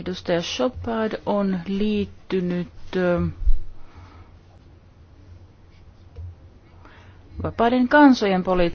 Edustaja Chopard on liittynyt ähm, vapaiden kansojen poliittiseen